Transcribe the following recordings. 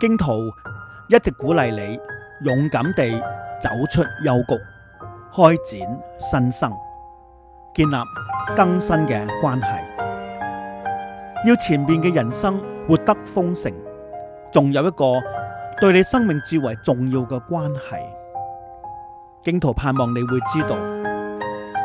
荊徒一直鼓勵你勇敢地走出幽谷，開展新生，建立更新嘅關係。要前面嘅人生活得豐盛，仲有一個對你生命至為重要嘅關係。荊徒盼望你會知道。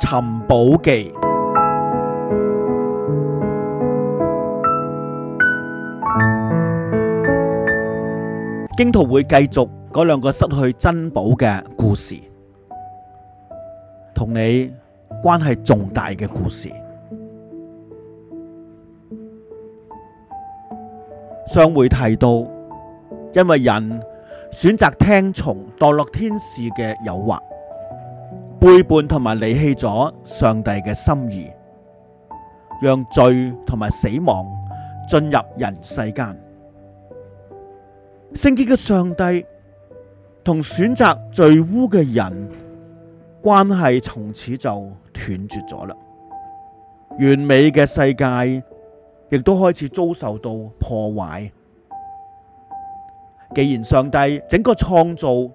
尋寶記，荊徒會繼續嗰兩個失去珍寶嘅故事，同你關係重大嘅故事。上回提到，因為人選擇聽從墮落天使嘅誘惑。背叛同埋離棄咗上帝嘅心意，讓罪同埋死亡進入人世間。聖潔嘅上帝同選擇罪污嘅人關係從此就斷絕咗啦。完美嘅世界亦都開始遭受到破壞。既然上帝整個創造，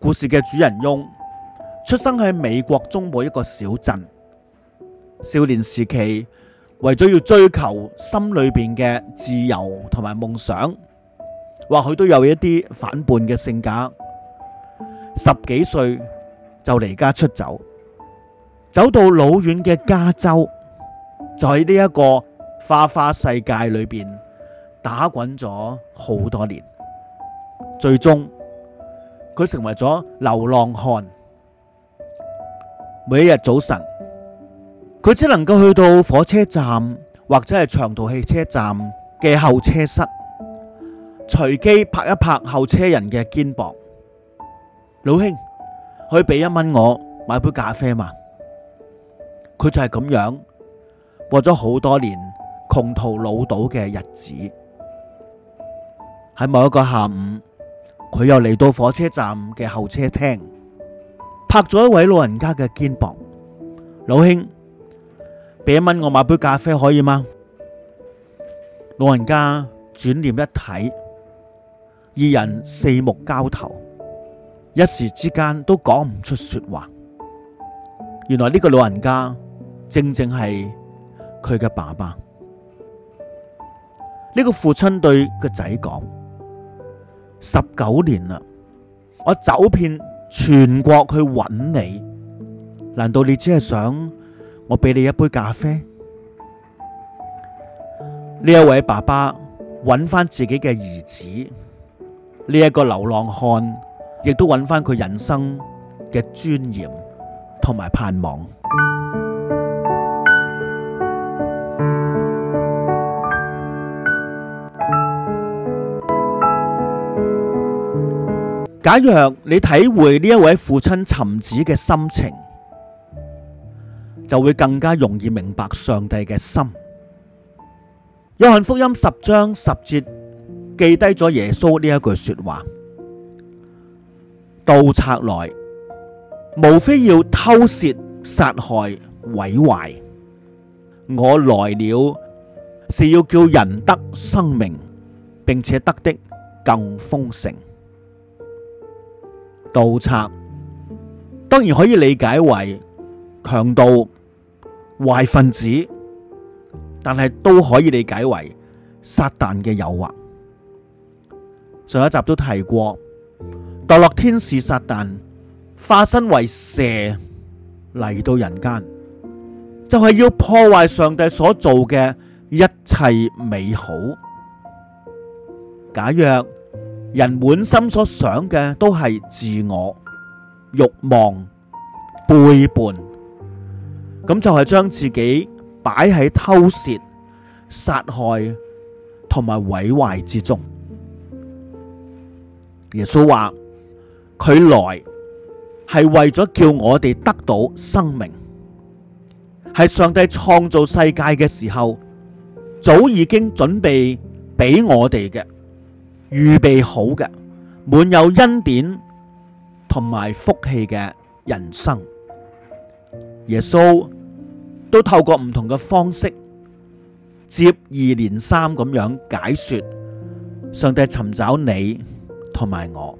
故事嘅主人翁出生喺美國中部一個小鎮，少年時期為咗要追求心裏邊嘅自由同埋夢想，或許都有一啲反叛嘅性格。十幾歲就離家出走，走到老遠嘅加州，在呢一個花花世界裏邊打滾咗好多年，最終。佢成為咗流浪漢，每一日早晨，佢只能夠去到火車站或者係長途汽車站嘅候車室，隨機拍一拍候車人嘅肩膀，老兄，可以俾一蚊我買杯咖啡嘛？佢就係咁樣過咗好多年窮途潦倒嘅日子。喺某一個下午。佢又嚟到火車站嘅候車廳，拍咗一位老人家嘅肩膀。老兄，俾一蚊我買杯咖啡可以嗎？老人家轉念一睇，二人四目交投，一時之間都講唔出說話。原來呢個老人家正正係佢嘅爸爸。呢個父親對個仔講。十九年啦，我走遍全國去揾你，難道你只係想我俾你一杯咖啡？呢一 位爸爸揾翻自己嘅兒子，呢、這、一個流浪漢亦都揾翻佢人生嘅尊嚴同埋盼望。假若你體會呢一位父親尋子嘅心情，就會更加容易明白上帝嘅心。約翰福音十章十節記低咗耶穌呢一句說話：盜賊來，無非要偷竊、殺害、毀壞。我來了，是要叫人得生命，並且得的更豐盛。盜賊當然可以理解為強盜、壞分子，但係都可以理解為撒旦嘅誘惑。上一集都提過，墮落天使撒旦化身為蛇嚟到人間，就係要破壞上帝所做嘅一切美好。假若人滿心所想嘅都係自我、慾望、背叛，咁就係將自己擺喺偷竊、殺害同埋毀壞之中。耶穌話：佢來係為咗叫我哋得到生命，係上帝創造世界嘅時候，早已經準備俾我哋嘅。預備好嘅，滿有恩典同埋福氣嘅人生，耶穌都透過唔同嘅方式，接二連三咁樣解說，上帝尋找你同埋我，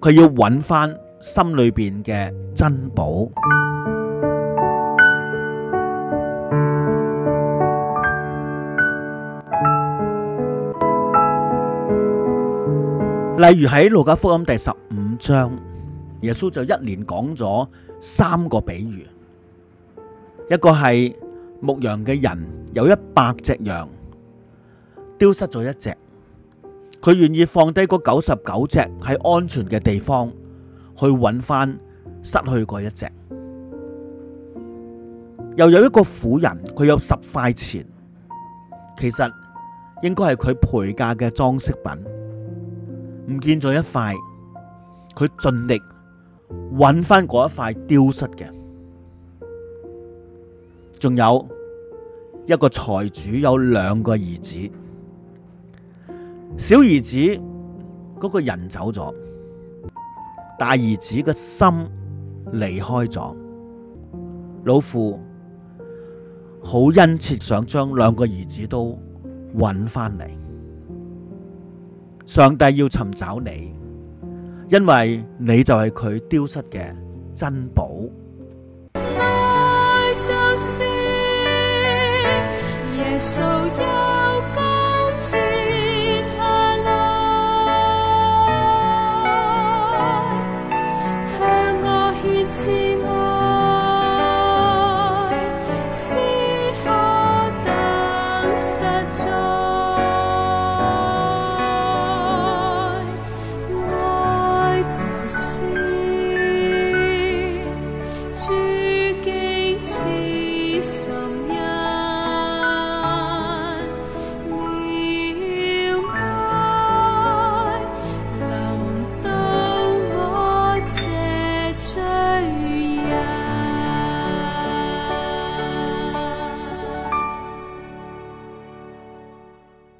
佢要揾翻心裏邊嘅珍寶。例如喺《路加福音》第十五章，耶穌就一連講咗三個比喻，一個係牧羊嘅人有一百隻羊，丟失咗一隻，佢願意放低嗰九十九隻喺安全嘅地方去揾翻失去嗰一隻；又有一個婦人，佢有十塊錢，其實應該係佢陪嫁嘅裝飾品。唔見咗一塊，佢盡力揾翻嗰一塊丟失嘅。仲有一個財主有兩個兒子，小兒子嗰個人走咗，大兒子嘅心離開咗，老父好殷切想將兩個兒子都揾翻嚟。上帝要尋找你，因為你就係佢丟失嘅珍寶。愛就是耶穌又降天下來，向我獻慈愛，是可等實在。